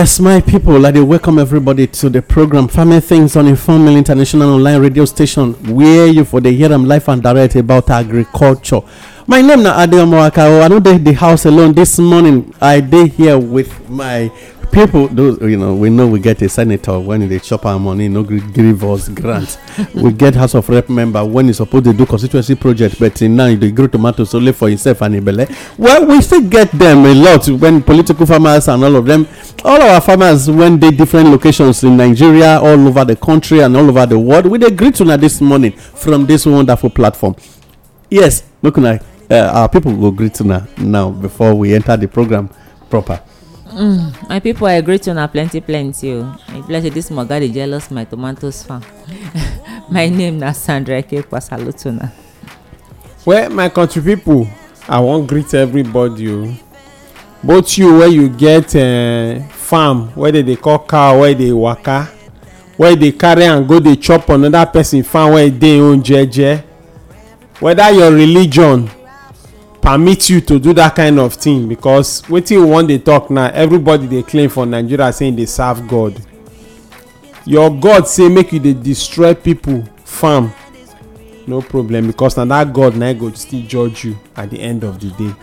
Yes, my people, I welcome everybody to the program Family Things on Informal International Online Radio Station, where you for the hear I'm live and direct about agriculture. My name is Adeomo Akao. Oh, I know the, the house alone this morning. I day here with my people those you know we know we get a senator when they chop our money no give us grant we get house of rep member when he suppose to do constituency project but now they grow tomatoes only for himself and ibele well we still get them a lot when political farmers and all of them all our farmers when they different locations in nigeria all over the country and all over the world we dey greet now this morning from this wonderful platform yes look una uh, our people will greet now. now before we enter the program proper. Mm, my people i greet una plenty plenty o oh. if like say this maga dey jealous my tomatoes farm my name na sandra ekekwa salute una. well my country people i wan greet everybody o oh. both you wey you get uh, farm wey dey dey call cow wey dey waka wey dey carry am go dey chop another person farm wey dey own jeje whether your religion permit you to do that kind of thing because wetin you wan dey talk now everybody dey claim for nigeria say e dey serve god your god say make you dey destroy people farm no problem because na that god na e go still judge you at the end of the day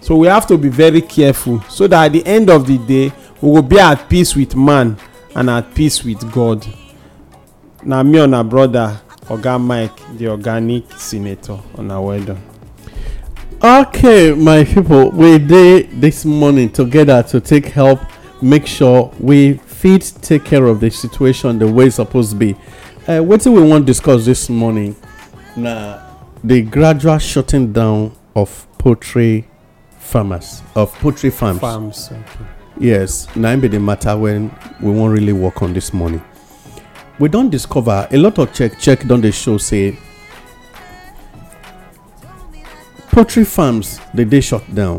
so we have to be very careful so that at the end of the day we go be at peace with man and at peace with god na me una brother oga mike the organic senator una well done okay my people we dey this morning together to take help make sure we fit take care of the situation the way e suppose to be uh, do we wan discuss this morning na the gradual shutting down of poultry farmers of poultry farms farms okay. yes na im be the matter when we won't really work on this morning we don't discover a lot of check check don dey show say poultry farms they they shut down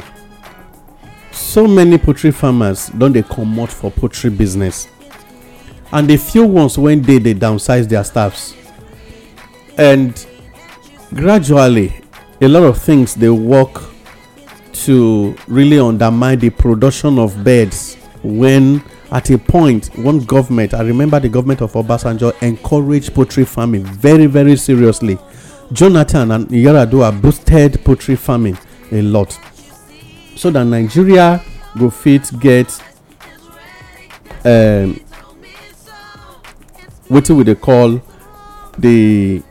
so many poultry farmers don't they come out for poultry business and the few ones when they they downsize their staffs and gradually a lot of things they work to really undermine the production of birds when at a point one government i remember the government of obasanjo encouraged poultry farming very very seriously Jonathan and Yaradua boosted poultry farming a lot so that Nigeria go fit get um, wetin we dey call the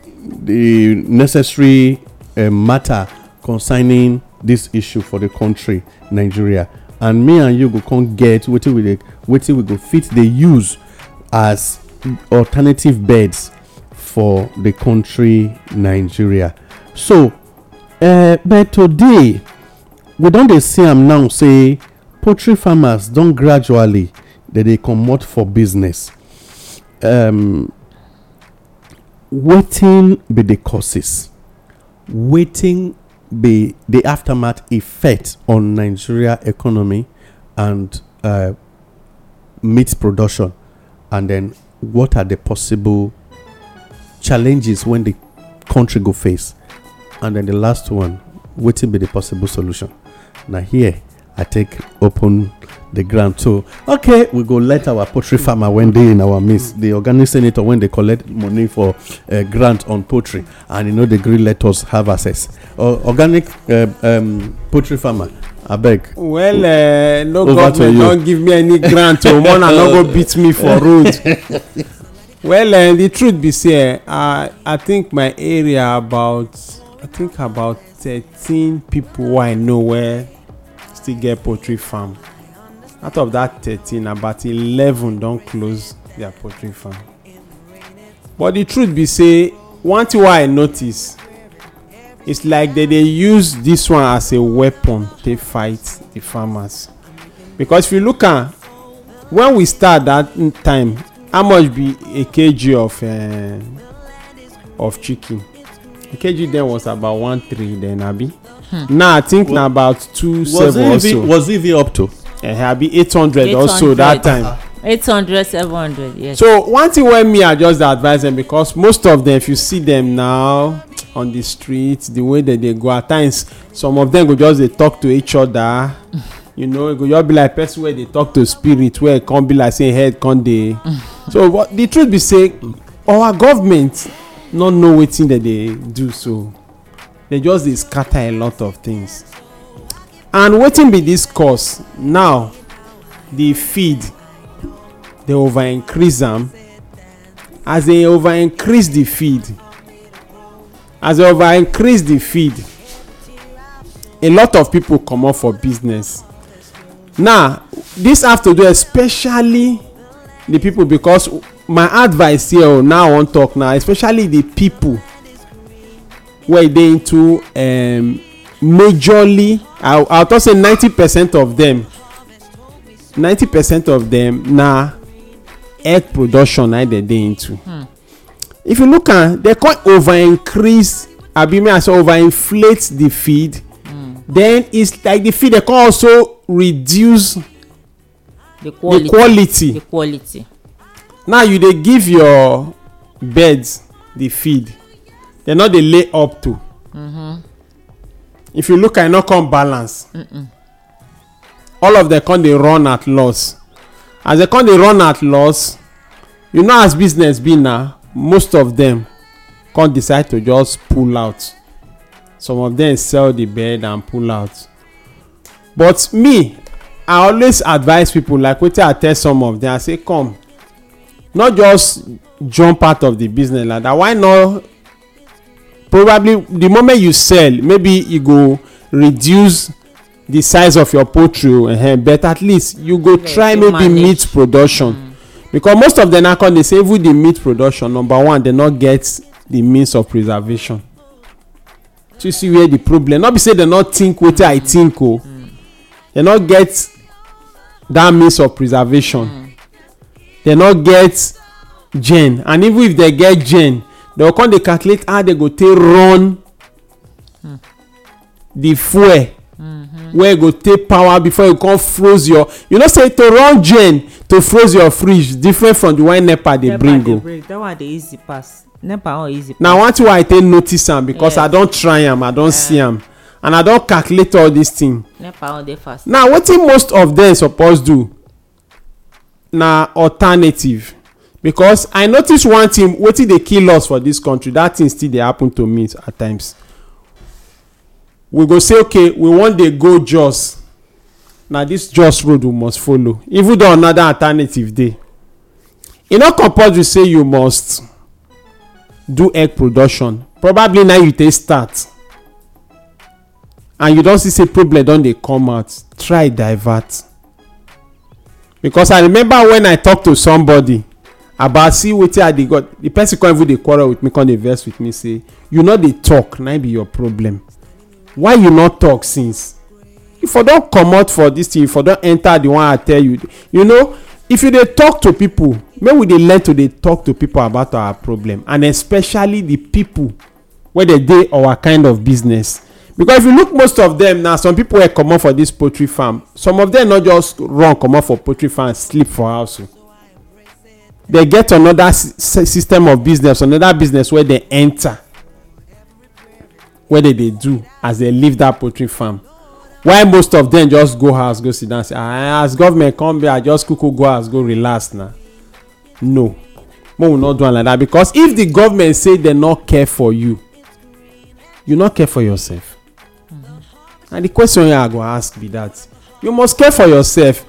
the necessary uh, matter concerning this issue for the country Nigeria and me and you go come get wetin we dey wetin we go fit dey use as alternative beds for the country Nigeria. So, uh, but today, we don't see them now say poultry farmers don't gradually that they come out for business. Um, waiting be the causes, waiting be the aftermath effect on Nigeria economy and uh, meat production, and then what are the possible challenges when the country go face and then the last one wetin be the possible solution Now here i take open the ground so okay we go let our poultry farmer when they in our midst the organic senator when they collect money for a uh, grant on poultry and you know the green let us have access organic um, um, poultry farmer I beg. well uh, no government don give me any grant o one i no go beat me for road well uh, the truth be say uh, i think my area about i think about thirteen people wey i know wey still get poultry farm out of that thirteen about eleven don close their poultry farm but the truth be say one thing wey i notice is like they dey use this one as a weapon to fight the farmers because if you look am when we start that time how much be a kg of uh, of chicken a kg then was about one three then abi hmm. now i think well, na about two seven or so was it even up to uh, abi eight hundred or so that time. Eight hundred, seven hundred, yes. so one thing wey me i just dey advise dem because most of dem if you see dem now on the street the way dem dey go at times some of dem go just dey talk to each other you know e go just be like person wey dey talk to spirit wey come be like say head come dey. so what the truth be say our government no know wetin dem dey do so dem just dey scatter a lot of things and wetin be this cause now the feed dey over increase am as they over increase the feed as they over increase the feed a lot of people comot for business now this have to do especially the people because my advice here now i wan talk now especially the people wey dey into um, majorly i i talk say ninety percent of them ninety percent of them na egg production na dem dey into hmm. if you look am dem come over increase abi may i say over inflate the feed mm. then it's like the feed dey come also reduce the quality the quality, the quality. now you dey give your birds the feed dem no dey lay up to mm -hmm. if you look I e no come balance mm -mm. all of them come dey run at loss as they come dey run at loss you know as business be na most of them come decide to just pull out some of them sell the bird and pull out but me i always advise people like wetin i tell some of them i say come not just jump out of the business like that why not probably the moment you sell maybe you e go reduce the size of your poultry uh but at least you go yeah, try maybe manage. meat production mm. because most of the nakon dey say even the meat production number one dem no get the means of preservation to see where the problem no be say dem no think wetin mm. i think o oh. mm. dem no get that means of preservation mm. dem no get gen and even if dem get gen dem go come dey calculate how dem go take run mm. the fuel mm -hmm. wey go take power before you come froze your you know say to run gen to froze your fridge different from the one nepa dey bring o oh. that one dey easy pass nepa one easy pass na one thing wey i take notice am because yes. i don try am i don yeah. see am and i don calculate all dis thing now wetin most of them suppose do na alternative because i notice one thing wetin dey kill us for this country That thing still dey happen to me at times we go say okay we wan dey go jos na this jos road we must follow even though another alternative dey e no compulsory say you must do egg production probably na you take start and you don see say problem don dey come out try divert because i remember when i talk to somebody about see wetin i dey got the person come even dey quarrel with me come dey vex with me say you no dey talk na be your problem why you no talk since you for don comot for this thing you for don enter the one i tell you you know if you dey talk to people make we dey learn to dey talk to people about our problem and especially the people wey dey dey our kind of business because if you look most of them na some people wey comot for this poultry farm some of them no just run comot for poultry farm sleep for house o dem get another system of business another business wey dem enter wey dem dey do as dem leave that poultry farm Why most of them just go house go sit down say ah, as government come be i just kuku go house go relax na no make we no do am like that. because if the government say dem no care for you you no care for yourself na the question wey i go ask be that you must care for yourself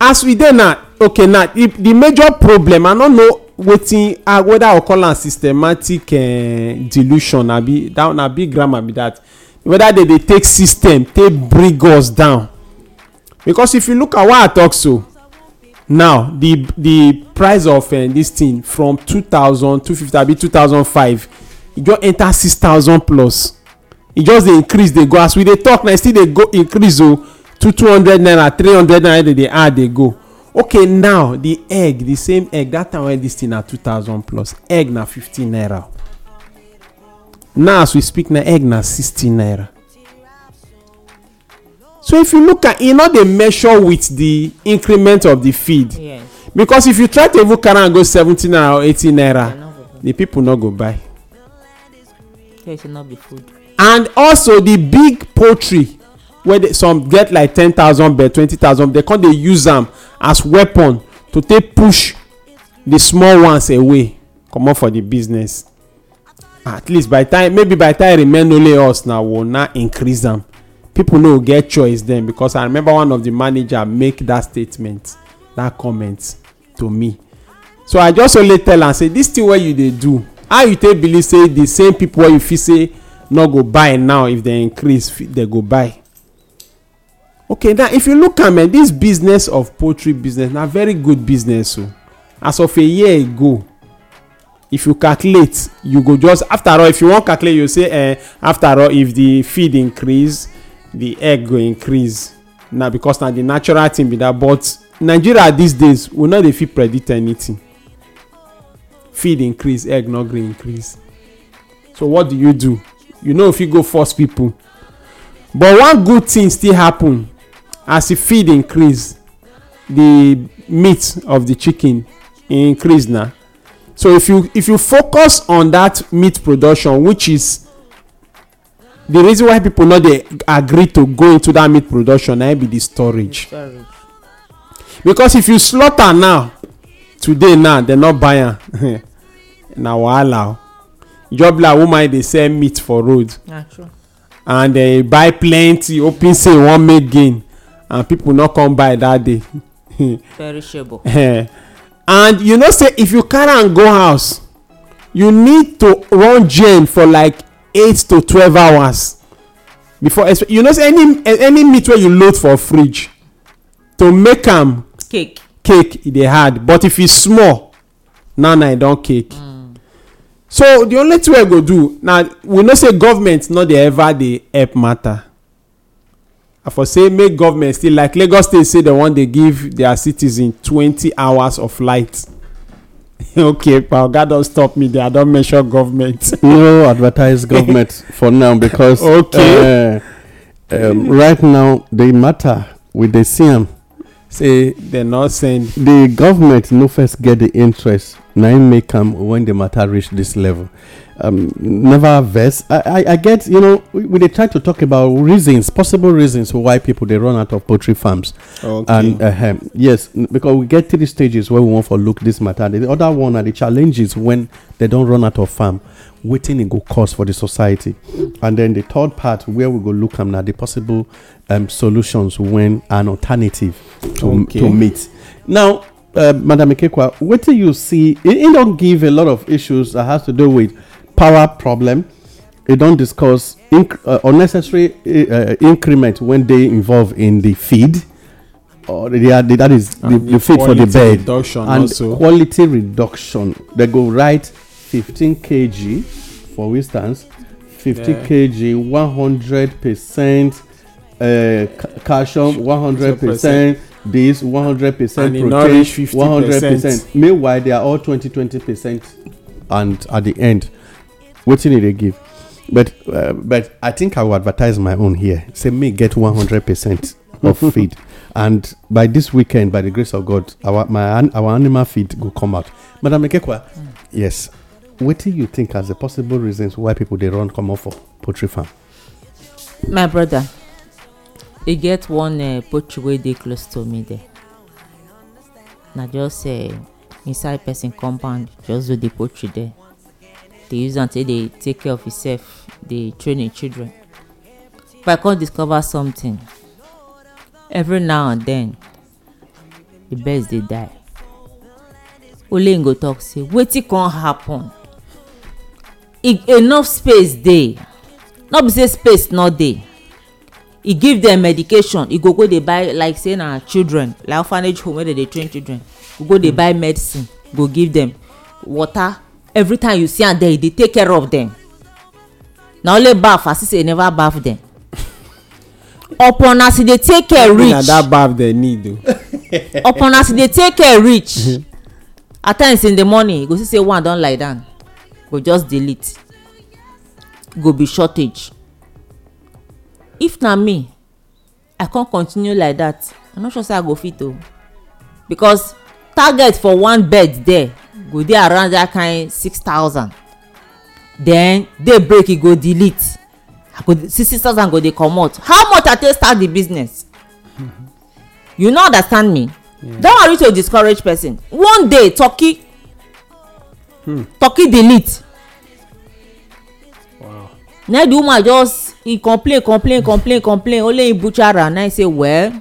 as we dey now okay now the, the major problem i no know wetin uh, whether i call am systematic uh, delusion abi that na big grammar be that whether they dey take system take bring us down because if you look at why i talk so now the the price of uh, this thing from two thousand two fifty abi two thousand five e just enter six thousand plus e just dey increase dey go as we dey talk na e still dey go increase oh. o to two hundred naira three hundred naira dey dey add dey go okay now the egg the same egg that time when this thing na two thousand plus egg na fifteen naira now as we speak na egg na sixteen naira so if you look at e no dey measure with the increment of the feed yes. because if you try to even carry am go seventy naira or eighty naira the people no go buy. there should not be food and also the big poultry wey some get like ten thousand bird twenty thousand they come dey use am as weapon to take push the small ones away comot for the business at least by time maybe by time remain only us na will na increase am people no get choice then because i remember one of the manager make that statement that comment to me so i just only tell am say this thing wey you dey do how you take believe say the same people wey you feel say no go buy now if they increase they go buy okay now if you look at eh this business of poultry business now very good business o oh. as of a year ago if you calculate you go just after all if you wan calculate you say eh after all if the feed increase the egg go increase na because na the natural thing be that but nigeria these days we no dey fit predict anything feed increase egg no gree increase so what do you do you no fit go force people but one good thing still happen as the feed increase the meat of the chicken increase na so if you if you focus on that meat production which is the reason why people no dey agree to go into that meat production na e be the storage. because if you slaughter now today now dem no buy am na wahala o job like woman dey sell meat for road ah, and dem buy plenty hoping say wan make gain and people no come buy that day perishable eh. and you know say if you carry am go house you need to run gen for like eight to twelve hours before you know say any any meat wey you load for fridge to make am cake cake e dey hard but if e small now na e don cake mm so the only thing wey go do na we know say government no dey ever dey help matter i for say make government still like lagos state say dem wan dey give their citizens twenty hours of light okay pa oga don stop me there i don mention government. no advertise government for now because okay. Uh, um, right now the matter we dey see am say they're not send the government no first get the interest Now it may come when the matter reach this level um, never vex i i get you know when they try to talk about reasons possible reasons why people they run out of poultry farms and uh, yes because we get to the stages where we want to look this matter the other one are the challenges when they don't run out of farm waiting in go cause for the society and then the third part where we go look at na the possible um, solutions when an alternative to, okay. to meet. Now, uh, Madam Ikekwa, what do you see? It, it, don't give a lot of issues that has to do with power problem. It don't discuss inc- uh, unnecessary uh, uh increment when they involve in the feed. Or they are, that is the, the, feed for the bed reduction and also. quality reduction. They go right 15 kg, for instance, 50 yeah. kg, 100 percent uh, calcium 100 percent this 100 percent protein 100 percent meanwhile they are all 20 20 percent and at the end what do they give but uh, but i think i will advertise my own here say me get 100 percent of feed and by this weekend by the grace of god our my our animal feed will come out madam ekekwa mm. yes what do you think as the possible reasons why people they run come off for poultry farm my brother e get one eh, poultry wey dey close to me there na just eh, inside person compound just do the poultry there dey use am take dey take care of himself dey train him children but i come discover something every now and then the birds dey die only him go talk say wetin come happen e enough space dey no be say space no dey e give dem medication e go go dey buy like say na children like orphanage home wey dem dey train children go go dey mm. buy medicine go give dem water every time you see am there e dey take care of dem na only baff as if say e never baff dem upon as e dey take care reach na that baff dem need o upon as e dey take care reach at times in the morning you go see say one don lie down go just delete go be shortage if na me i come continue like that i no sure say i go fit o because target for one bed there go dey around that kind six thousand then day break e go delete i go six six thousand go dey comot how much i take start the business mm -hmm. you no understand me yeah. that one to discourage person one day turkey hmm. turkey delete wow. Now the woman just He complain complain complain complain only e butcher and I say well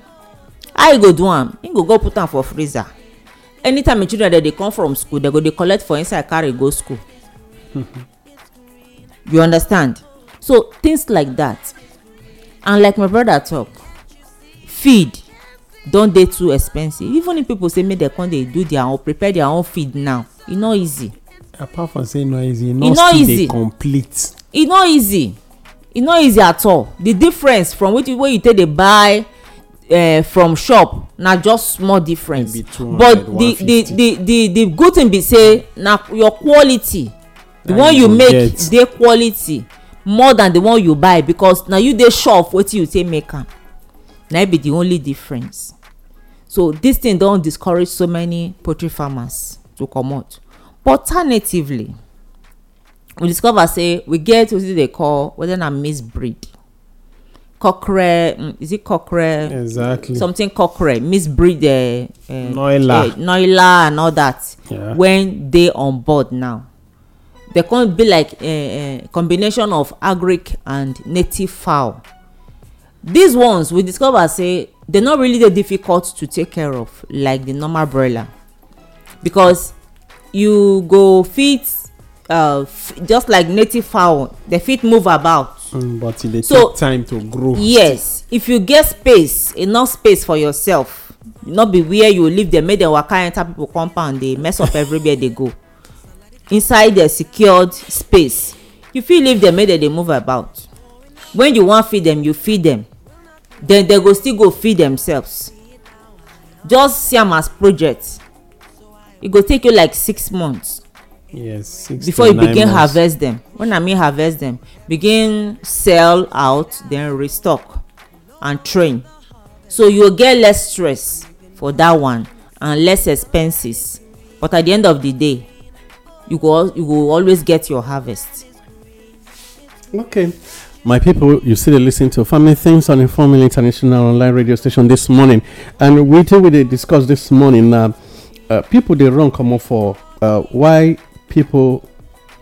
how e go do am He go go put am for freezer anytime im children dem dey come from school dem go dey collect for inside carry go school you understand so things like that and like my brother talk feed don dey too expensive even if people say make dem come dey do their own prepare their own feed now e no easy apart from say e no easy e, e no still dey complete e no easy e no easy at all the difference from which way you take dey buy uh, from shop na just small difference but the the the the good thing be say na your quality the one you make dey quality more than the one you buy because na you dey sure of wetin you take make am na be the only difference so this thing don discourage so many poultry farmers to comot but alternatively we discover say we get wetin dey call whether na misbreed cockerel mm, is it cockerel exactly something cockerel misbreed uh, eh, uh, eh, noila uh, noila and all that yeah. when dey on board now they come be like a, a combination of agric and native fowl these ones we discover say they no really dey difficult to take care of like the normal broiler because you go fit Uh, just like native fowl they fit move about. Mm, but e dey so, take time to grow. yes if you get space enough space for yourself no be where you live. them make them waka enter people compound dey mess up everywhere they go inside their secured space you fit leave them make them dey move about when you wan feed them you feed them then they go still go feed themselves just see am as project e go take you like six months yes six before you begin months. harvest them when i mean harvest them begin sell out then restock and train so you get less stress for that one and less expenses but at the end of the day you go you go always get your harvest. okay my people you still lis ten to family things on informal international online radio station this morning and we wetin we dey discuss this morning na uh, uh, people dey run comot for uh, why people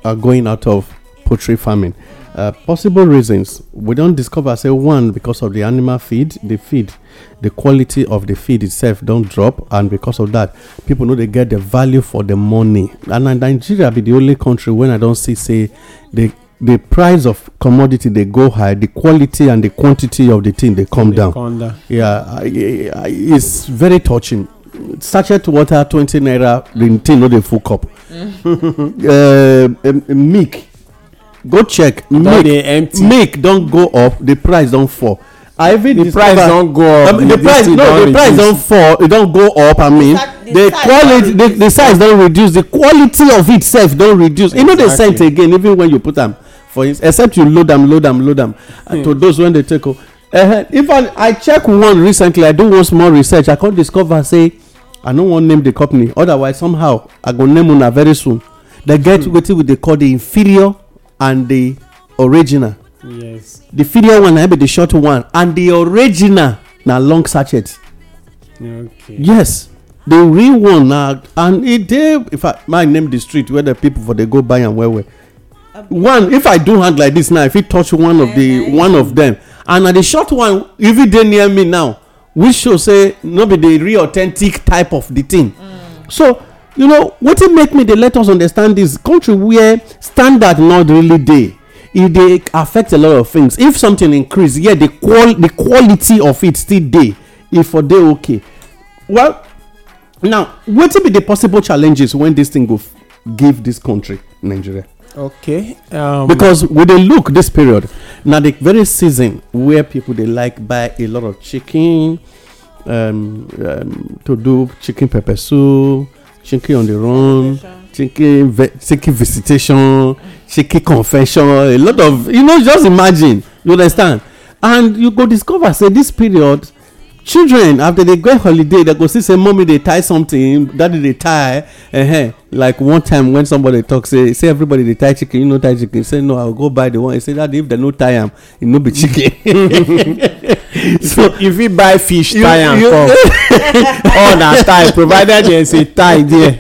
are going out of poultry farming. Uh, possible reasons we don't discover say one because of the animal feed the feed the quality of the feed itself don't drop and because of that people know they get the value for the money and, nigeria be the only country when i don't see say the the price of commodity they go high the quality and the quantity of the thing they come, they down. yeah I, I, it's very touching sachet water twenty naira the thing no dey full cup Uh, milk go check milk don go up the price don fall i even the price don go up the price no the price don fall e don go up i mean the quality the size don reduce the quality of it sef don reduce e no dey scent again even when you put am for except you load am load am load am uh, to hmm. those wey dey take o uh, if i i check one recently i do one small research i come discover say i no wan name the company otherwise somehow i go name una very soon they get hmm. wetin we dey call the inferior and the original yes the inferior one na be the short one and the original na long sachet okay yes the real one na and e dey if i my name the street where the people for dey go buy am well well one if i do hand like this now i fit touch one of the eh, eh. one of them and na the short one if e dey near me now which show say no be the real authentic type of the thing mm. so you know wetin make me dey let us understand this country where standard not really dey e dey affect a lot of things if something increase yeah the qual the quality of it still dey e for dey okay well now wetin be the possible challenges when this thing go give this country nigeria okay um, because we dey look this period Now the very season where people they like buy a lot of chicken um, um, to do chicken pepper soup chicken on the run chicken ve chicken visitation chicken confession a lot of you know just imagine you understand and you go discover say this period children after dey get holiday they go see say mommy dey tie something daddy dey tie -huh. like one time when somebody talk say say everybody dey tie chicken you no tie chicken say no i go buy the one he say daddy if dem no tie am e no be chicken so you fit buy fish tie am come all na tie provided dem say tie there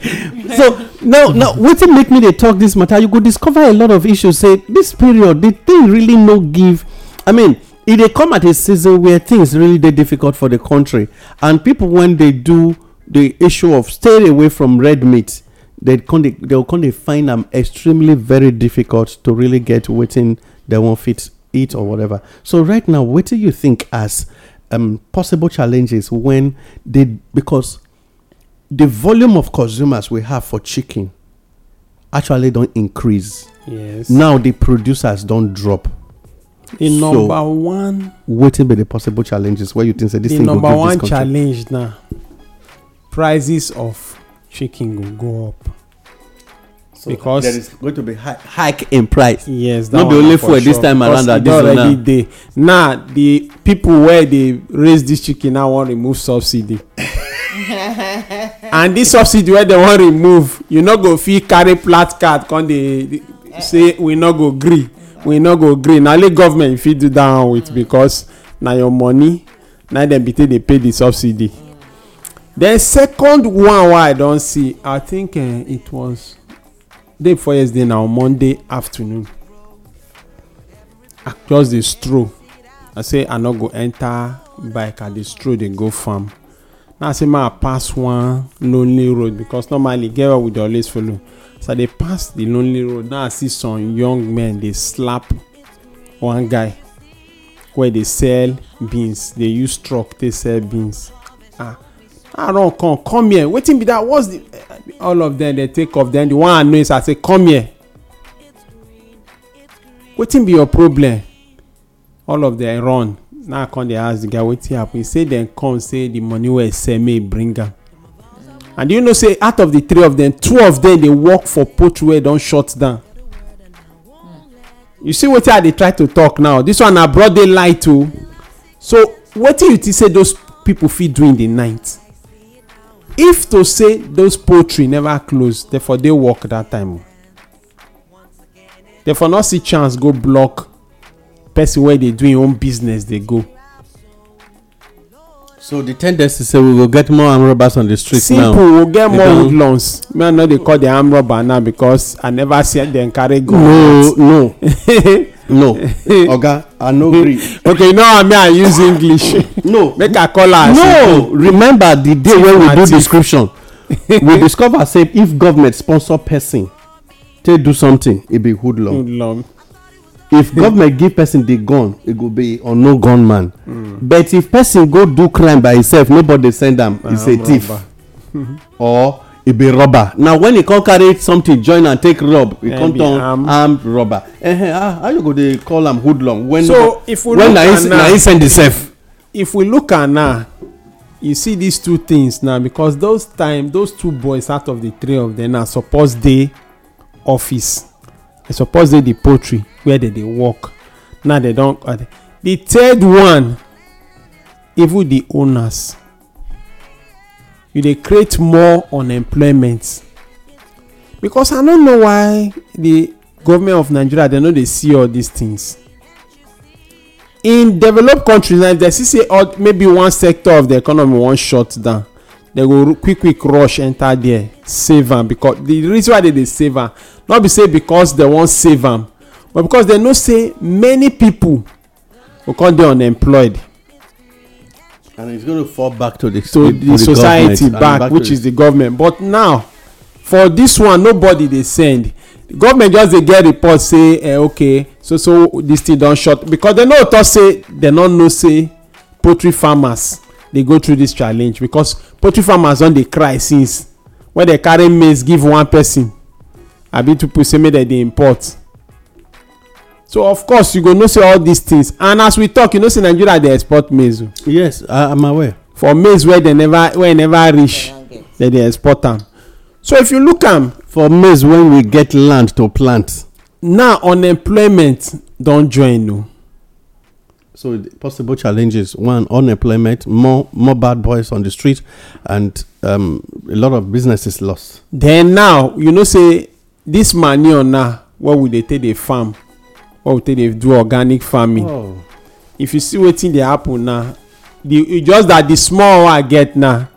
so now now wetin make me dey talk this matter you go discover a lot of issues say this period the thing really no give i mean e they come at a season where things really dey difficult for the country and people when they do the issue of staying away from red meat they will come find them extremely very difficult to really get wetin won't fit eat or whatever so right now do you think as um, possible challenges when they because the volume of consumers we have for chicken actually don't increase yes now the producers don't drop the number so, one wetin be the possible challenges wey you think say this thing go give this country the number one challenge na prices of chicken go go up so because there is going to be hike in price yes that one be only fuel this time around that this one now dey now the people wey dey raise this chicken now wan remove subsidy and this subsidy wey dem wan remove you no go fit carry flat card come dey eh, say eh. we no go gree we no go gree na only government you fit do dat one with because na your money na dem be take dey pay the subsidy then second one wey i don see i think uh, it was day before yesterday na on monday afternoon i just dey stroll i say i no go enter bike i dey stroll dey go farm na say make pass one lonely road because normally get where we dey always follow So they pass the lonely road. Now I see some young men, they slap one guy where they sell beans. They use truck, they sell beans. Ah, I run come, come here. Waiting be that. What's the eh, all of them? They take off. Then the one I know is I say, come here. Waiting be your problem. All of them run. Now I come they ask the guy, what happened? He say then come, say the money where Seme bring up and you know say out of the three of them two of them dey work for poultry wey don shut down you see wetin i dey try to talk now this one na broad day light o oh. so wetin you think say those people fit do in the night if to say those poultry never close they for dey work that time oh. they for no see chance go block person wey dey do im own business dey go so the tendency say we go get more arm robbers on the street now simple we get more hoodlums. may i no dey call the arm robber now because i never see them carry guns. no no no oga i no gree. okay you know how me i use english. no make i call her. no remember the day wey we do description we discover say if government sponsor person take do something e be hoodlum. hoodlum if government give person the gun e go be no unknown gunman but if person go do crime by himself nobody send am ah, e say thief or he be robber now when he come carry something join am take rob He come turn armed robber Eh? ah how you go dey call am hoodlum when so? If we look when na him send himself. if we look at now you see these two things now because those time those two boys out of the three of them na suppose dey office e suppose dey the poultry where dem dey work now dem don add uh, the third one even the owners you dey create more unemployment because i no know why the government of nigeria dem no dey see all these things in developed countries like dem see say maybe one sector of the economy wan shut down They go quick quick rush enter there save am because the reason why they dey save am not be say because they wan save am but because they know say many people go come dey unemployed. and it's going to fall back to the so the, the society back, back which is the government but now for this one nobody dey send government just dey get report say eh, okay so so this thing don short because they no talk say they no know say poultry farmers dey go through this challenge because poultry farmers don dey cry since when dem carry maize give one person abi two people say make dem dey import so of course you go know say all these things and as we talk you know say nigeria dey export maize yes i am aware. for maize wey dem never wey never reach dem dey export am so if you look am. for maize when we get land to plant. now unemployment don join o. No? So possible challenges: one, unemployment, more more bad boys on the street, and um, a lot of businesses lost. Then now you know say this money on now what would they take the farm? What would they do organic farming? Oh. If you see what thing dey happen now, the e just that the small one I get now,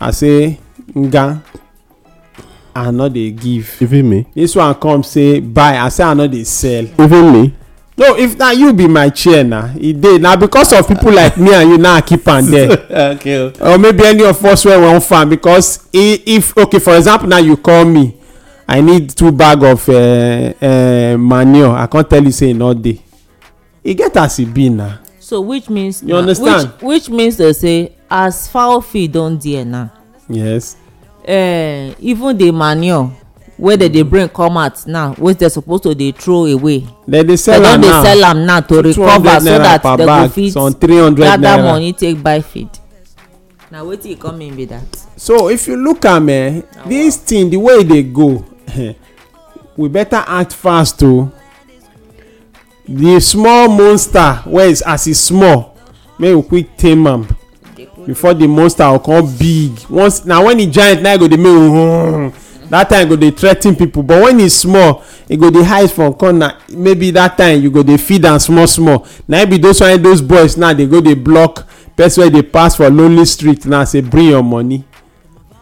I say nga I no dey give. Even me. This one come say buy I say I no dey sell. Even me no if na you be my chair na e dey na because of people like me and you now keep am there okay or maybe any of us wey wan farm because if okay for example now you call me i need two bag of eh, eh, manure i con tell you say e no dey e get as e be na so which means you understand which means to say as fowl feed don there now yes eh, even the manure wey dem dey bring come out now wey dem suppose to dey throw away dem dey sell am now dem don dey sell am now to recover so that dem go fit gather money take buy feed na wetin e come in be that. so if you look am eh this thing the way e dey go we better act fast o oh. the small monster wey is as e small make we quick tame am before the monster go come big once na when e giant now go dey make that time go dey threaten people but when e small e go dey hide for corner maybe that time you go dey feed am small small na be those why those boys now dey go dey block person wey dey pass for lonely street now say bring your money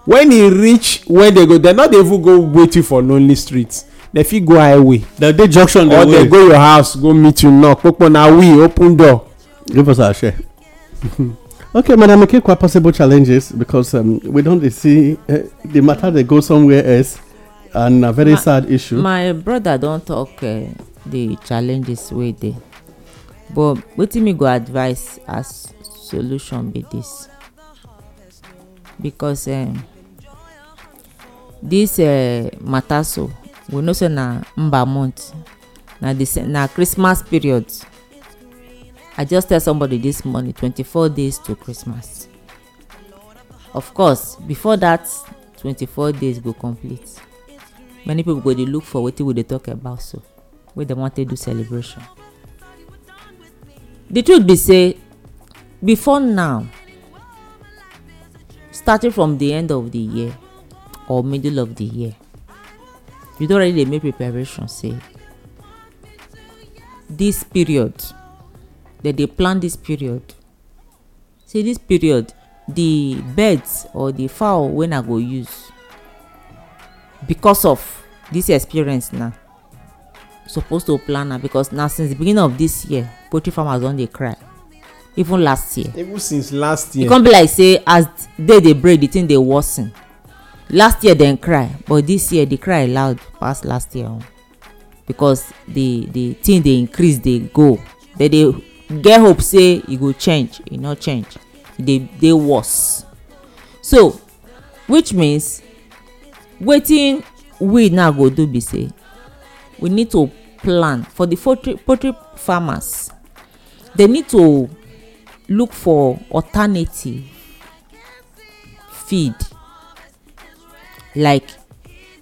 when e reach where dey go dem no dey even go wait you for lonely street dem fit go highway dem dey junction dem way or dem go your house go meet you knock popo na we open door. give us our share. Okay, Madam Ikekwa, possible challenges because um, we don't see uh, the matter they go somewhere else and a very my, sad issue. My brother don't talk uh, the challenges wey dey but wetin me go advice as solution be this because um, this uh, matter so we know so na mba month na the na christmas period I just tell somebody this morning 24 days to Christmas. Of course, before that 24 days go complete, many people go to look for what they dey talk about so where they want to do celebration. The truth be say before now starting from the end of the year or middle of the year you don already dey make preparation say this period dem dey plan this period say this period the birds or the fowl wey i go use because of this experience na suppose to plan am because na since the beginning of this year poultry farmers don dey cry even last year even since last e year e come be like say as day dey break the thing dey worsen last year dem cry but this year the cry loud pass last year own because the the thing dey increase dey go dem dey get hope say e go change e no change e dey dey worse so which means wetin we now go do be say we need to plan for the poultry poultry farmers they need to look for alternative feed like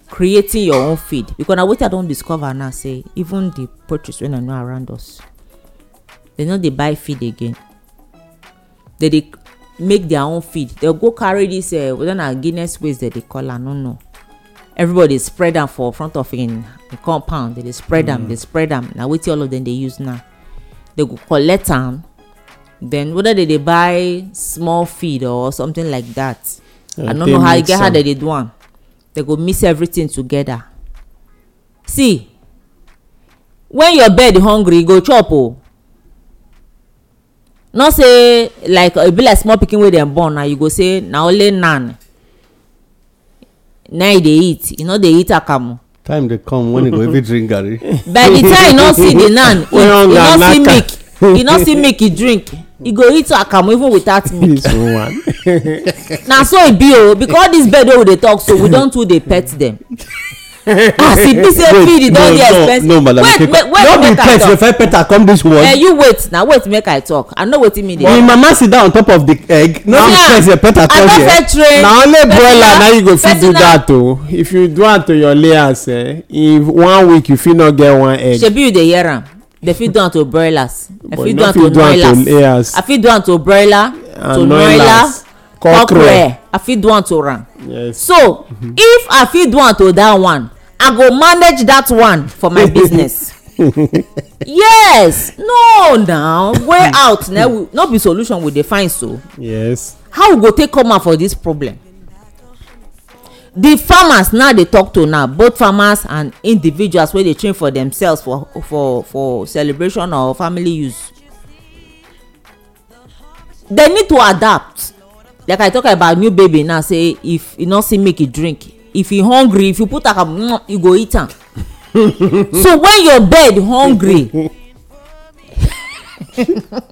creating your own feed because na wetin i don discover now say even the poultry wey na no around us they no dey buy feed again they dey make their own feed they go carry this uh, whether na guinness waste they dey call am no no. everybody spread am for front of him compound they dey spread am mm. dey spread am na wetin all of them dey use now they go collect am then whether they dey buy small feed or something like that uh, i no know how e get how they dey do am they go mix everything together see when your bird hungry e go chop o not say like e be like small pikin wey dem born na you go say na only nan na e dey eat e no dey eat akamu. time dey come when e go even drink garri. by the time e no see the nan e no see milk e no see milk e drink e go eat akamu even without milk. na so e be o oh, because this bird wey we dey talk so we don too dey pet dem as e be say feed don dey expensive no madam wait wait wait no be pet refer peter come this world eh you wait na wait make i talk i know wetin me dey im mama sit down on top of the egg no be pet refer peter come here na only broiler na you go fit do that o oh. if you do am to your layers eh if one week you fit no get one egg shebi you dey hear am dem fit do am to broilers dem fit do am to noilas i fit do am to broiler to noilas cockerel i fit do am to am so if i fit do am to that one i go manage that one for my business yes no now way out now. no be solution we dey find so yes how we go take come out for this problem The farmers now dey talk to now both farmers and individuals wey dey train for themselves for for for celebration or family use They need to adapt like i talk about new baby now say if e no see make e drink if e hungry if you put am you go eat am so when your bed hungry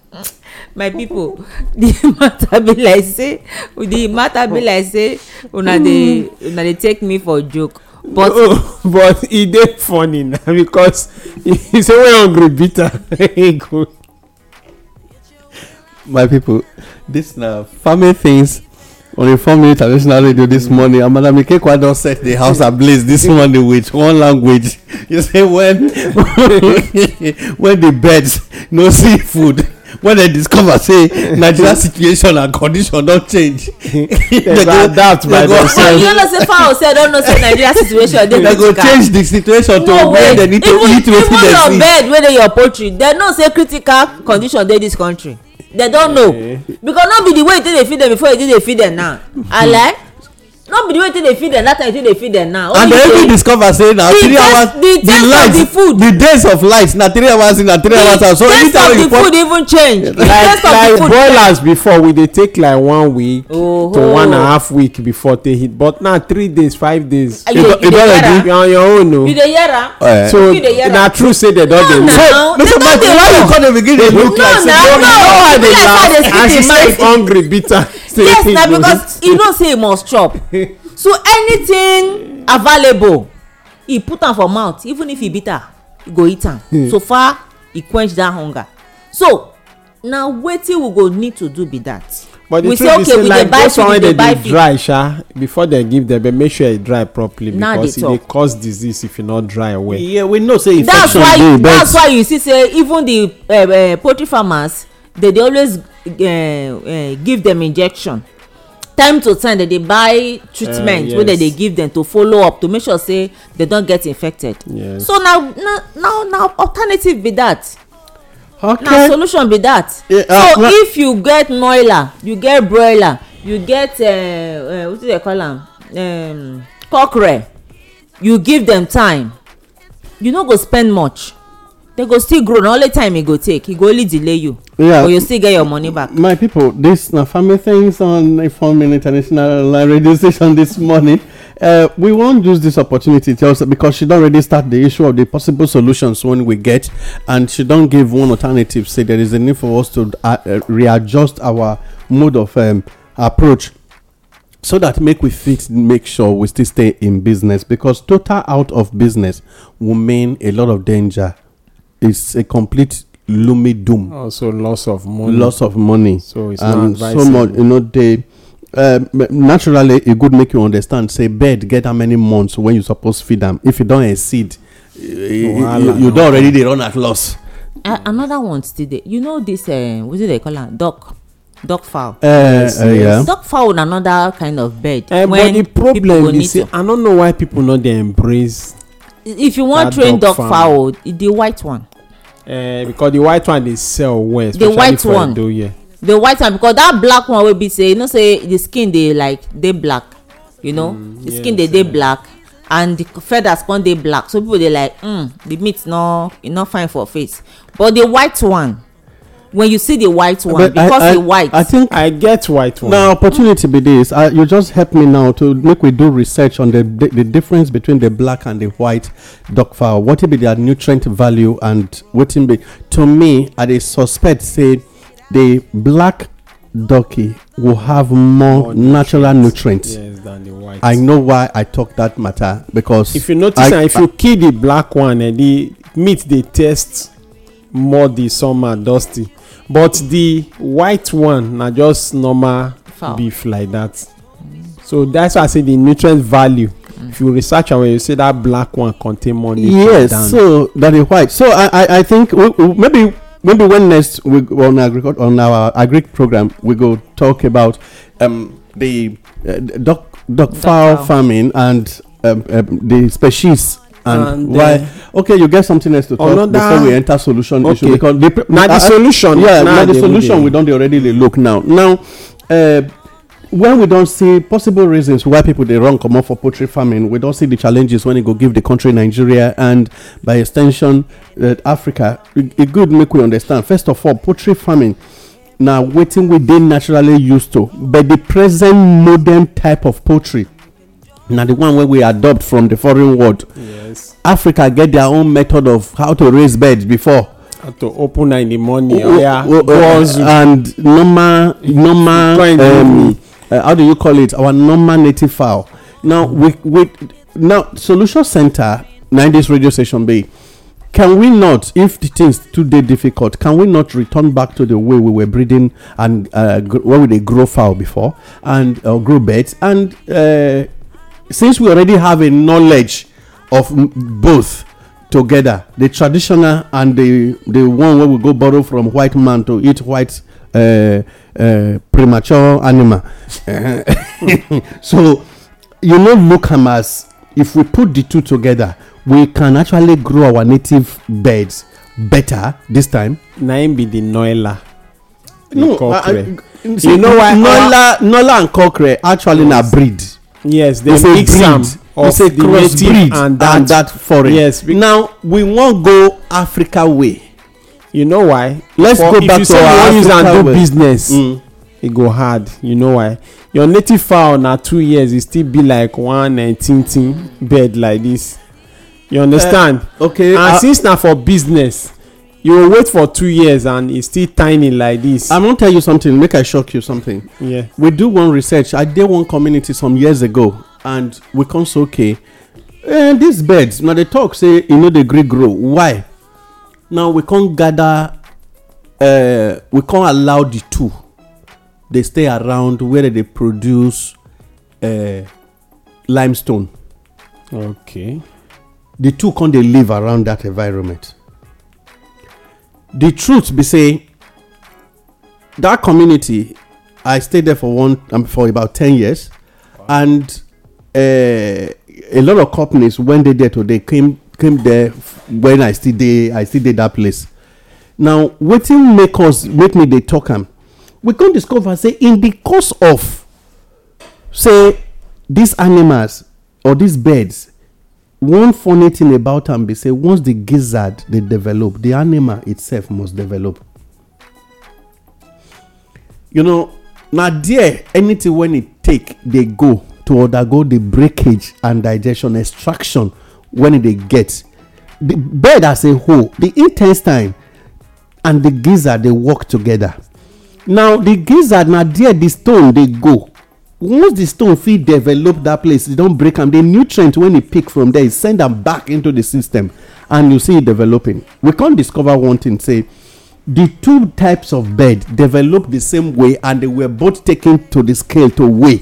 my people the matter be like say the matter be like say una dey una dey take me for joke but oh, but e dey funny na because e say when hungry beat am e go my people this na farming things on a farming international radio this mm. morning and madam ikekwa don set the house ablaze this mm. morning with one language you say when when the birds no see food when they discover say nigeria situation and condition don change They go adapt by themselves you know say fowl I don know say nigeria situation dey critical dem go change the situation to no, where they need to eat wetin dem see no way even even your bird wey dey your poultry dem know say critical condition dey dis country dem don know because no be the way you take dey feed dem before you take dey feed dem now ale no be the way they feed them. that time wey dey feed them now. and then even discover say na three hours the light the food the days of light na three hours na three hours out so anytime you come the the food even change the like boilers before we dey take like one week to one and a half week before they hit but now three days five days ah, you don dey drink on your own o eh. so na true say they don dey look no so but why you come dey begin dey look like say no no no i dey laugh and she say hungry bitter yes na because he know say he must chop so anything available he put am for mouth even if e bitter he go eat am hmm. so far he quench that hunger so na wetin we go need to do be that. but the we truth say, okay, is say like those one wey dey dey dry sha before dem give dem but make sure e dry properly now because e dey cause disease if e no dry well. yeah we know say infection dey but that's why you see say even the uh, uh, poultry farmers dey dey always Eh, eh, give them injection time to time dem dey buy treatment uh, wey they dey give them to follow up to make sure say they don get infected so na na alternative be that na solution be that eh, uh, so if you get noila you get broiler you get uh, what do they call am um, cockerel you give them time you no go spend much They go still grow na only time e go take e go only delay you yeah, but you still get your money back. My people, this na family things on Informing International Online Radio Station this morning. Uh, we won't use this opportunity to also because she don't already start the issue of the possible solutions when we get, and she don't give one alternative. Say there is a need for us to uh, uh, readjust our mode of um, approach so that make we fit make sure we still stay in business because total out of business will mean a lot of danger. It's a complete doom. Also oh, loss of money. Loss of money. So it's and not advisable. so much you know they. Uh, naturally, it e could make you understand. Say, bird get how many months when you suppose feed them. If you don't exceed, Wahala, you, don already dey run at loss. Uh, another one still dey you know this uh, um, wetin they call am duck duck fowl. Uh, yes, uh, yeah. duck fowl na another kind of bird. Uh, eh, but the problem be say i no know why people no dey embrace. if you wan train duck, duck fowl the white one uh, because the white one dey sell well especially for edo yeah. the white one because that black one wey be say you know say the skin dey like dey black you know mm, the yes, skin dey dey eh. black and the feathers come dey black so people dey like mm, the meat no e no fine for face but the white one when you see the white one but because I, I, white. I think I get white one. Now opportunity be this. Uh, you just help me now to make we do research on the, the, the difference between the black and the white duck fowl. What be their nutrient value and what it be? To me, I they suspect say the black ducky will have more, more natural nutrients, nutrients. Yes, than the white. I know why I talk that matter because if you notice, I, if you kill the black one, and eh, the meat they taste more the summer dusty but the white one na just normal beef like that mm. so that's why i say the nutrient value mm. if you research am well you see that black one contain more nutrient yes so that is white so i i i think maybe maybe when next we on agri on our agri program we go talk about um the uh, duck duck fowl farming and um, um, the species and, and why okay you get something else to talk before we enter solution okay. issue because the na the solution yeah Now na the solution we don't already look now now uh, when we don't see possible reasons why people they run come off for poultry farming we don't see the challenges when it e go give the country nigeria and by extension uh, africa It e, e good make we understand first of all poultry farming Now, waiting, we dey naturally used to but the present modern type of poultry na the one wey we adopt from the foreign world yes africa get their own method of how to raise birds before how to open am in the morning oya balls and normal normal um, uh, how do you call it our normal native fowl now mm. we we now solution center na this radio station be can we not if the things too dey difficult can we not return back to the way we were breeding and uh, where we dey grow fowl before and uh, grow birds and uh, since we already have a knowledge of both together the traditional and the the one where we go borrow from white man to eat white uh, uh, premature animal so you know look am as if we put the two together we can actually grow our native birds better this time. na him be the noila. no I, you know why Nola Nola and cockerel actually yes. na breed yes dem mix am of the native and that foreign yes now we wan go africa way you know why let's go back to our africa way if you say you wan use am do business e go hard you know why your native fowl na two years e still be like one nineteen tin bird like this you eh, understand okay and uh, since na for business you will wait for two years and it's still tiny like this. I'm gonna tell you something make i shock you something. Yeah. we do one research i did one community some years ago and we come so okay eh these beds now they talk say you e know dey great grow why now we can't gather uh, we can't allow the two They stay around where they produce uh, limestone. okay. the two can't they live around that environment the truth be say that community i stayed there for one um, for about ten years wow. and uh, a lot of companies when they there today came came there when i still dey i still dey that place now wetin make us make me dey talk am we come discover say in the course of say these animals or these birds one funny thing about am be say once the gizzard dey develop the animal itself must develop you know na there anything wey e take dey go to undergo the breakage and digestion extraction when e dey get the bed as a whole the intestine and the gizzard dey work together now the gizzard na there the stone dey go once the stone fit develop that place they don break am the nutrient wey e pick from there e send am back into the system and you see e developing we come discover one thing say the two types of bird develop the same way and they were both taken to the scale to weigh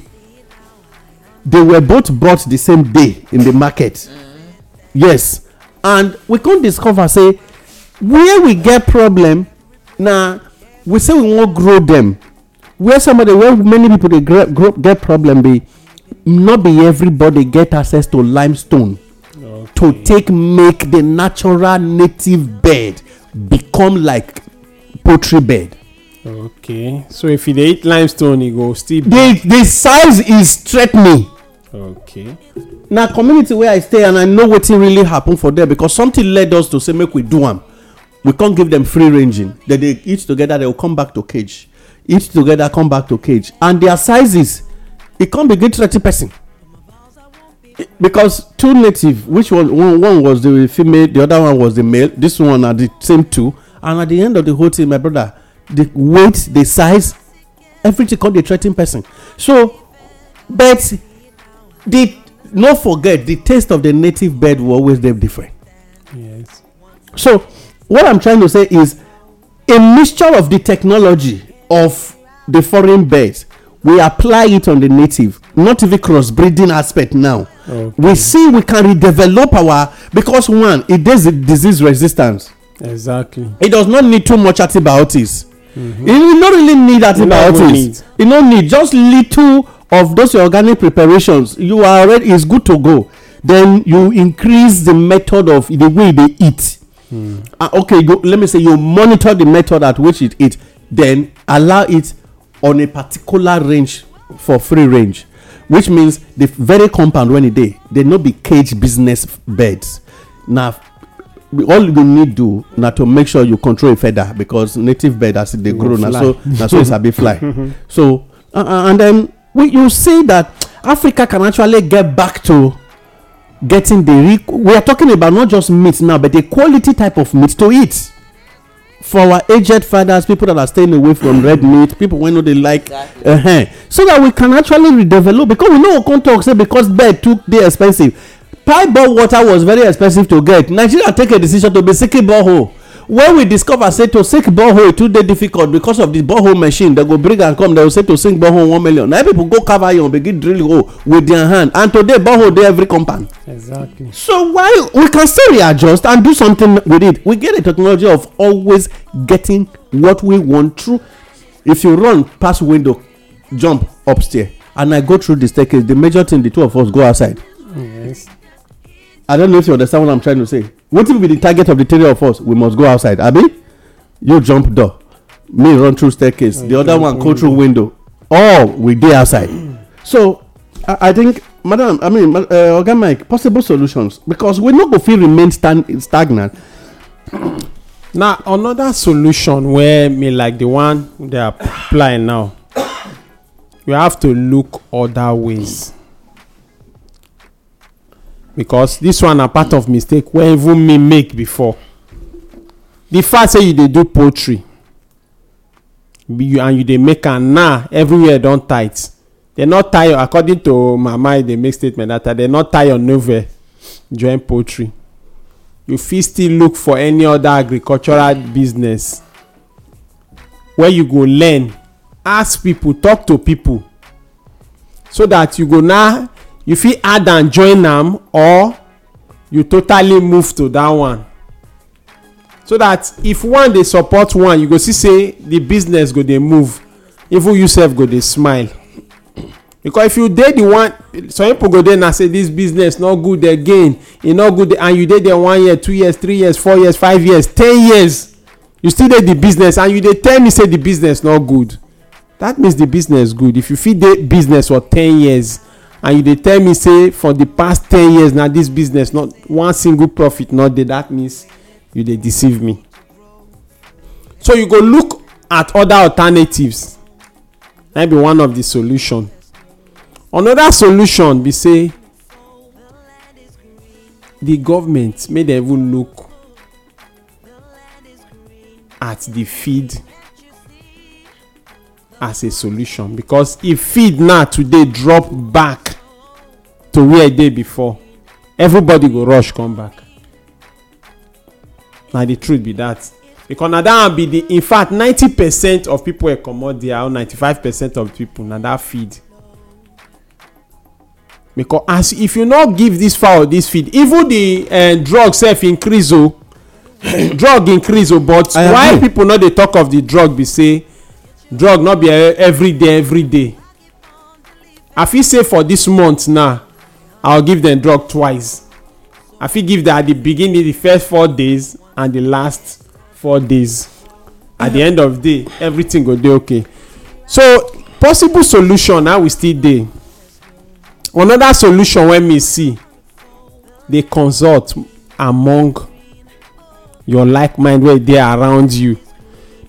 they were both bought the same day in the market yes and we come discover say where we get problem na we say we wan grow them where somebody where many people dey get problem be not be everybody get access to limestone to take make the natural native bed become like poultry bed okay so if you dey eat limestone e go still the the size is threatening okay na community wey i stay and i know wetin really happen for there because something led us to say make we do am we come give them free ranging dem dey eat together they go come back to cage eat together come back to cage and their sizes e come begin threaten person because two native which was one one was the female the other one was the male this one na the same two and at the end of the whole thing my brother the weight the size everything come dey threaten person so but the no forget the taste of the native bird will always dey different yes so what i'm trying to say is a mixture of the technology of the foreign birds we apply it on the native not even crossbreeding aspect now okay. we see we can redevelop our because one it does disease resistance exactly it does not need too much antibiotics mm-hmm. you don't really need antibiotics you don't need just little of those organic preparations you are already is good to go then you increase the method of the way they eat mm. uh, okay go, let me say you monitor the method at which it eat then allow it on a particular range for free range which means the very compound when e dey dey no be cage business birds na all you need do na to make sure you control feather because native bird as e dey grow na so na so e sabi fly so and then you see that africa can actually get back to getting the we are talking about not just meat now but the quality type of meat to eat for our aged fathers people that are staying away from red meat people wey no dey like -huh. so that we can actually redevelop because we no go come talk say because bed too dey expensive pipe bore water was very expensive to get nigeria take a decision to be sinking borehole when we discover say to sink borehole too dey difficult because of the borehole machine dem go bring am come dem go say to sink borehole one million na people go carve iron begin drill hole with their hand and today borehole dey every compound. exactly. so while we can still readjust and do something with it we get a technology of always getting what we want through if you run pass window jump upstairs and i go through the staircase the major thing the two of us go outside. yes I don't know if you understand what I'm trying to say. What if we the target of the three of us? We must go outside. Abi, you jump door, me run through staircase, okay. the other one go through window. All we dey outside. so I, I think, madam, I mean, uh, Oga Mike, possible solutions because we no go fit remain stand, stagnant. Now, another solution where me like the one they are applying now We have to look other ways because this one na part of mistake wey even me make before the fact say you dey do poultry you, and you dey make am now everywhere don tight dem no tie your according to mama e dey make statement that time dem no tie your navel join poultry you fit still look for any other agricultural business wey you go learn ask people talk to people so that you go now you fit add and join am or you totally move to that one so that if one dey support one you go see say the business go dey move even you sef go dey smile because if you dey the one some people go dey na say this business no good again e no good and you dey there one year two years three years four years five years ten years you still dey the business and you dey tell me say the business no good that means the business good if you fit dey business for ten years and you dey tell me say for the past ten years na this business not one single profit not dey that means you dey deceive me so you go look at other alternatives na be one of the solution another solution be say the government make dem even look at the feed as a solution because if feed now today drop back to where e dey before everybody go rush come back na the truth be that because na that one be the in fact ninety percent of people wey comot there or ninety-five percent of people na that feed because as if you no give this fowl this feed even the uh, drug sef increase o oh, drug increase o oh, but why people no dey talk of the drug be say drug no be eh, everyday everyday i fit say for this month now i give dem drug twice i fit give dem at the beginning the first four days and the last four days at the end of day everything go dey okay so possible solution na we still dey another solution wey me see dey consult among your like mind wey dey around you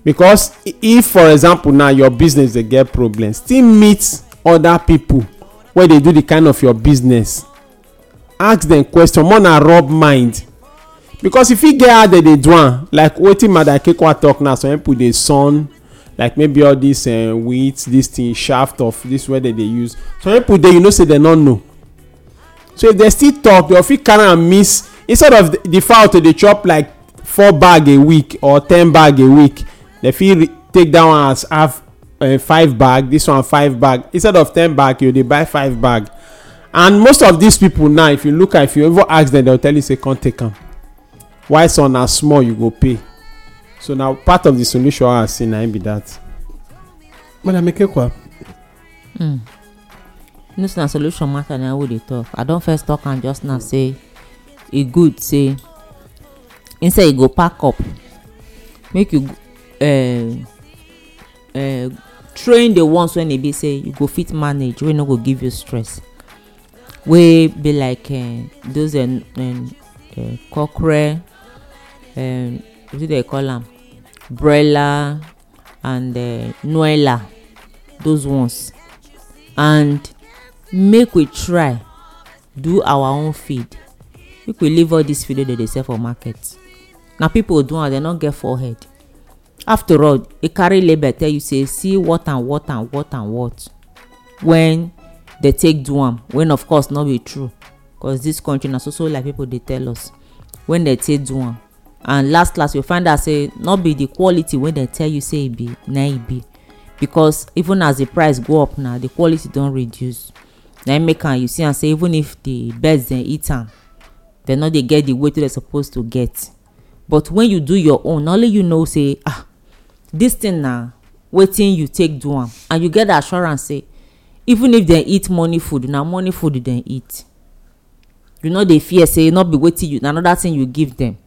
because if for example now your business dey get problem still meet other people wey dey do the kind of your business ask dem question more na rub mind because e fit get how dem dey do am like wetin madam kekwa talk now some people dey sun like maybe all this uh, eh, wheat this thing shaft of this wey dem dey use some people dey you know say dem no know so if dem still talk dem fit carry am miss instead of the, the fowl to dey chop like four bag a week or ten bag a week They fit take that one as half eh, five bag this one five bag instead of ten bag you dey buy five bag and most of these people now if you look at if you ever ask dem dem tell you say come take am Why some na small you go pay so na part of the solution i see na im be that. madam ekekwa. Mm. this na solution matter na we dey talk i don first talk am just now say e good say instead you go pack up make you uh, eh, uh, eh, train the ones wey e be say you go fit manage wey no go give you stress wey be like uh, those uh, uh, uh, cockroach um, what do they call am brella and uh, noella those ones and make we try do our own feed make we leave all this feed wey dey dey sell for market na people do am dem no get forehead after all e carry label tell you say see what and what and what and what when dey take do am when of course no be true cause this country na so so like people dey tell us when dey take do am and last last you find out say no be the quality wey dem tell you say e be na e be because even as the price go up now, the quality don reduce na im make am you see am say even if the birds dem eat am dem no dey get the weight wey dem suppose to get but when you do your own na only you know say ah This thing na wetin you take do am and you get the assurance say even if dem eat morning food na morning food dem eat you no dey fear say no be wetin you na another thing you give dem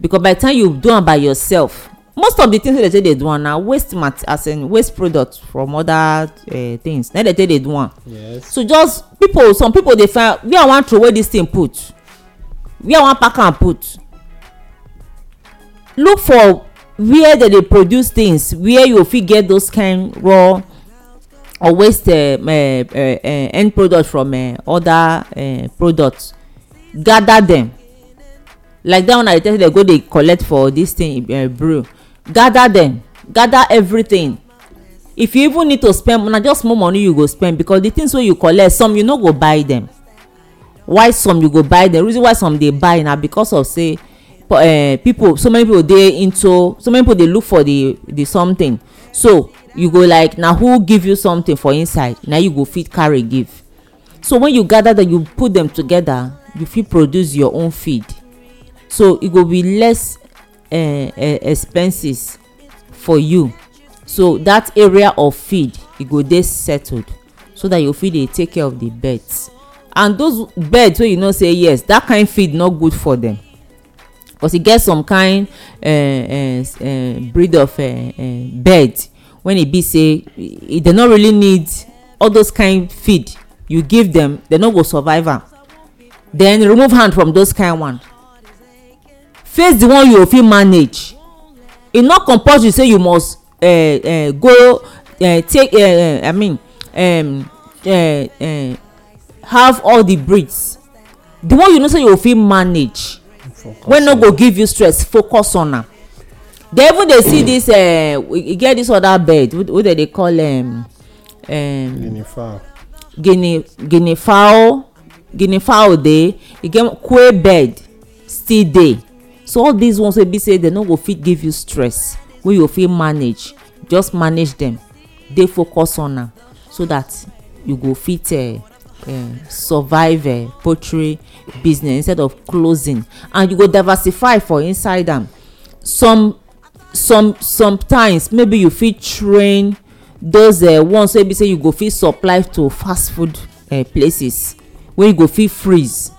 because by the time you do am by yourself most of the things wey dey take dey do am na waste mat as in waste product from other uh, things na dey take dey do am yes. so just people some people dey find where i wan throway this thing put where i wan pack am put look for where they dey produce things where you fit get those kind raw or waste um, uh, uh, end product from uh, other uh, products gather them like that one i tell you they go dey collect for this thing uh, brew gather them gather everything if you even need to spend na just small money you go spend because the things wey you collect some you no go buy them why some you go buy them reason why some dey buy na because of say uh, people so many people dey into so many people dey look for the the something so you go like na who give you something for inside na you go fit carry give so when you gather them you put them together you fit produce your own feed so e go be less uh, uh, expenses for you so that area of feed e go dey settled so that you fit dey take care of the birds and those birds wey you know say yes that kind feed no good for them because e get some kind uh, uh, uh, breed of uh, uh, bird when e be say they no really need all those kind feed you give them they no go survive am then remove hand from those kind one face the one you fit manage e no you say you must uh, uh, go uh, take uh, uh, i mean um, uh, uh, have all the breeds the one you know say you fit manage wey no go give you stress focus on am dem even dey see hmm. this uh, get this other bird wey dem dey call um, um, guinea fowl guinea guinea fowl guinea fowl dey e get quail bird still dey so all these ones wey be say dem no go fit give you stress wey you fit manage just manage dem dey focus on am so that you go fit uh, survive uh, poultry business instead of closing and you go diversify for inside am some some sometimes maybe you fit train those uh, ones wey be say you go fit supply to fast food uh, places wey you go fit freeze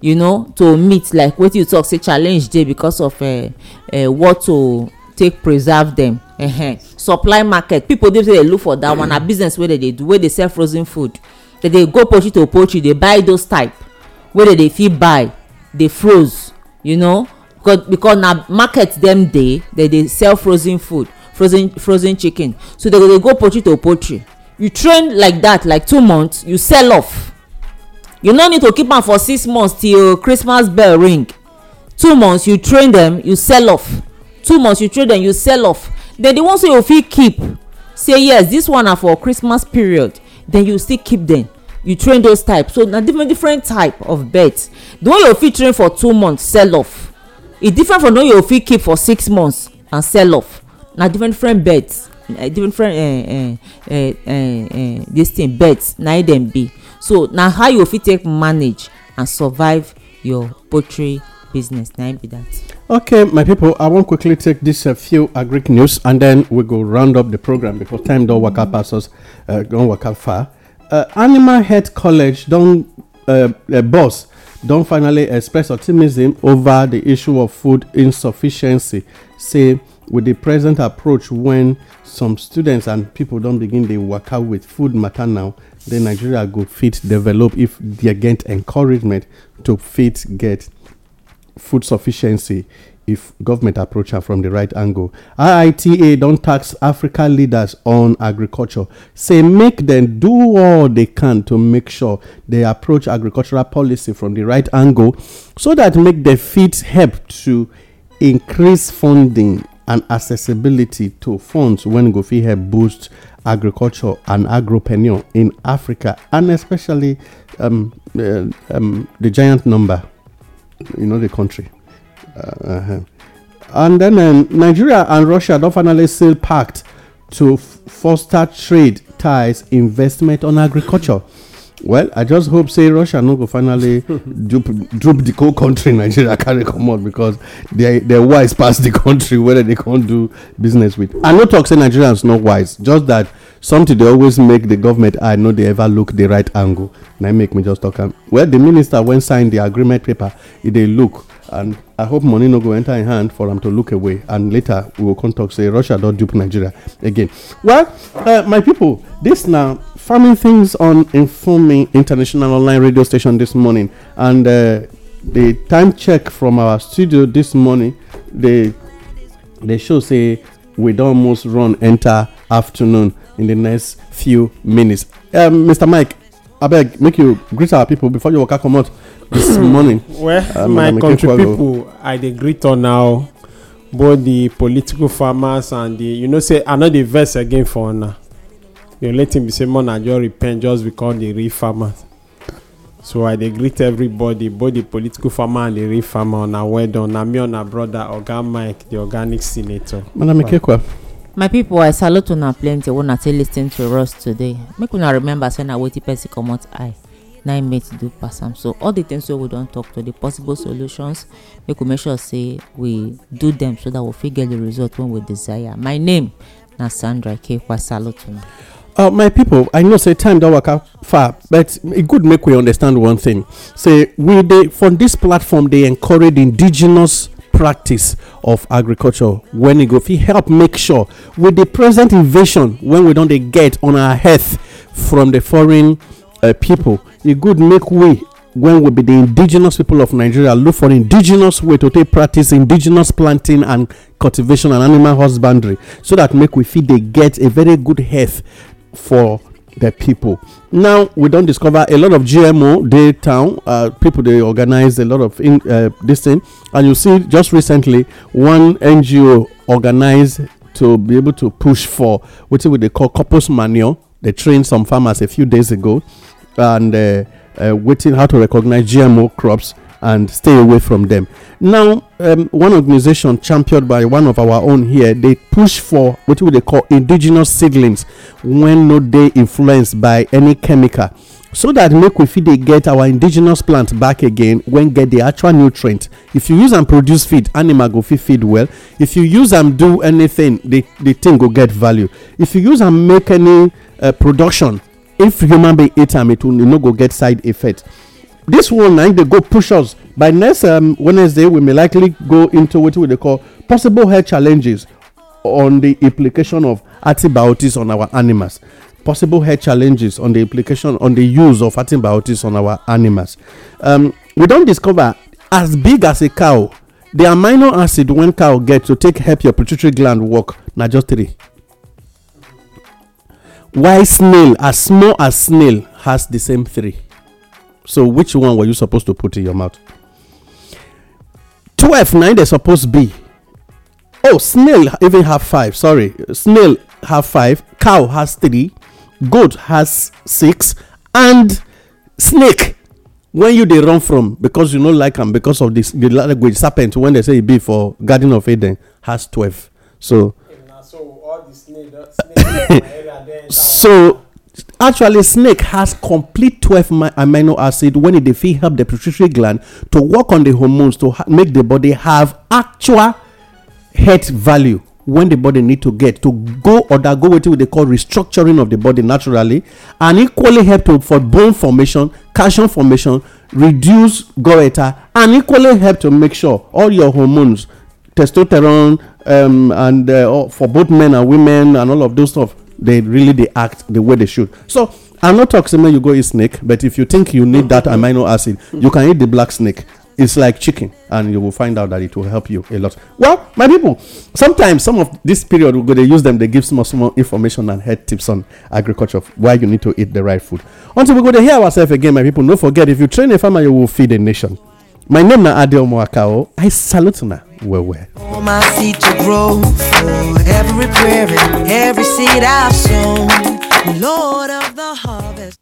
you know to meet like wetin you talk say challenge dey because of uh, uh, what to take preserve them uh -huh. supply market people dey say they look for that mm. one na business wey they dey do wey dey sell frozen food dem dey go poultry to poultry dey buy those type wey dem dey fit buy dey froze you know because because na market dem dey dem dey sell frozen food frozen frozen chicken so dem go dey go poultry to poultry you train like that like two months you sell off you no need to keep am for six months till christmas bell ring two months you train them you sell off two months you train them you sell off then the ones wey you fit keep say yes this one na for christmas period then you still keep them you train those type so na different different type of birds the one you fit train for two months sell off e different from the one you fit keep for six months and sell off na different different birds uh, different different uh, uh, uh, uh, this thing birds na it e dem be so na how you fit take manage and survive your poultry business. Now be that. Okay, my people, I won't quickly take this uh, few agri uh, news and then we go round up the program because time don't waka out us, uh, don't waka far. Uh, Animal Health College don't uh, uh, boss don't finally express optimism over the issue of food insufficiency. Say with the present approach when some students and people don't begin they waka with food matter now then nigeria go fit develop if they get encouragement to fit get food sufficiency if government approach her from the right angle. IITA don't tax African leaders on agriculture. Say make them do all they can to make sure they approach agricultural policy from the right angle so that make the fit help to increase funding and accessibility to funds when go help boost agriculture and agropreneur in Africa and especially um, uh, um, the giant number you know, the country. Uh, uh-huh. And then um, Nigeria and Russia don't finally seal pact to f- foster trade ties, investment on agriculture. well i just hope say russia no go finally droop droop the whole country nigeria carry comot because their their wise pass the country wey dem come do business with i no talk say nigerians no wise just that something dey always make the government eye no dey ever look the right angle na make me just talk am well the minister wen sign the agreement paper e dey look and I hope money no go enter in hand for them to look away. And later we will come talk say Russia don't dupe Nigeria again. Well, uh, my people, this now farming things on informing international online radio station this morning, and uh, the time check from our studio this morning, they they show say we don't almost run enter afternoon in the next few minutes. Um, Mr. Mike, abeg make you greet our people before you waka comot this morning well ah, my country people, i dey greet on now both the political farmers and the you know say i no dey vex again for una the only thing be say more na just repent just become the real farmer so i dey greet everybody both the political farmer and the real farmer una well done na me una brother oga mike the organic senator madam ikekwa my people, i salute una plenty una take lis ten to us today make una remember say na wetin person comot eye na im mate do pass am so all the things wey we don talk to the possible solutions make we make sure say we do them so that we fit get the result wey we desire my name na sandra kekwa salute una. Uh, my people i know say time don waka far but e good make we understand one thing say we dey from this platform dey encourage indigenous practice of agriculture when e go fit help make sure with the present invasion wey we don dey get on our health from the foreign uh, people, e good make we when we be the indigenous people of nigeria look for indigenous way to take practice indigenous planting and cultivation and animal husbandry so that make we fit dey get a very good health for the people. Now we don't discover a lot of GMO day town uh, people they organize a lot of in, uh, this thing, and you see just recently one NGO organized to be able to push for what they call corpus manual. They trained some farmers a few days ago, and uh, uh waiting how to recognize GMO crops and stay away from them. Now, um, one organization championed by one of our own here, they push for what would they call indigenous seedlings when no they influenced by any chemical. So that make we feed they get our indigenous plant back again when get the actual nutrient. If you use and produce feed, animal go feed well. If you use and do anything, the, the thing go get value. If you use and make any uh, production, if human being eat them, it will not go get side effect. this one na they go push us by next um, wednesday we may likely go into what we call possible health challenges on the implication of antibiotics on our animals possible health challenges on the implication on the use of antibiotics on our animals um, we don't discover as big as a cow the amino acid when cow get to take help your pituitary gland work na just three Why snail as small as snail has the same three So which one were you supposed to put in your mouth? Twelve nine they supposed be. Oh, snail even have five. Sorry, snail have five. Cow has three. Goat has six. And snake when you dey run from because you no like am because of this the language serpent when they say e be for garden of eden has twelve so So all the so actually snake has complete 12 amino acid when it fit help the pituitary gland to work on the hormones to make the body have actual health value when the body need to get to go or go with we They call restructuring of the body naturally and equally help to for bone formation calcium formation reduce goiter and equally help to make sure all your hormones testosterone um, and uh, for both men and women and all of those stuff they really they act the way they should so i'm not talking you go eat snake but if you think you need that amino acid you can eat the black snake it's like chicken and you will find out that it will help you a lot well my people sometimes some of this period we go they use them they give small small information and head tips on agriculture why you need to eat the right food until we go to hear ourselves again my people don't forget if you train a farmer you will feed a nation My name na Adel Mwakao. I salute na well well. my seed to grow every prayer and every seed I've sown. Lord of the harvest.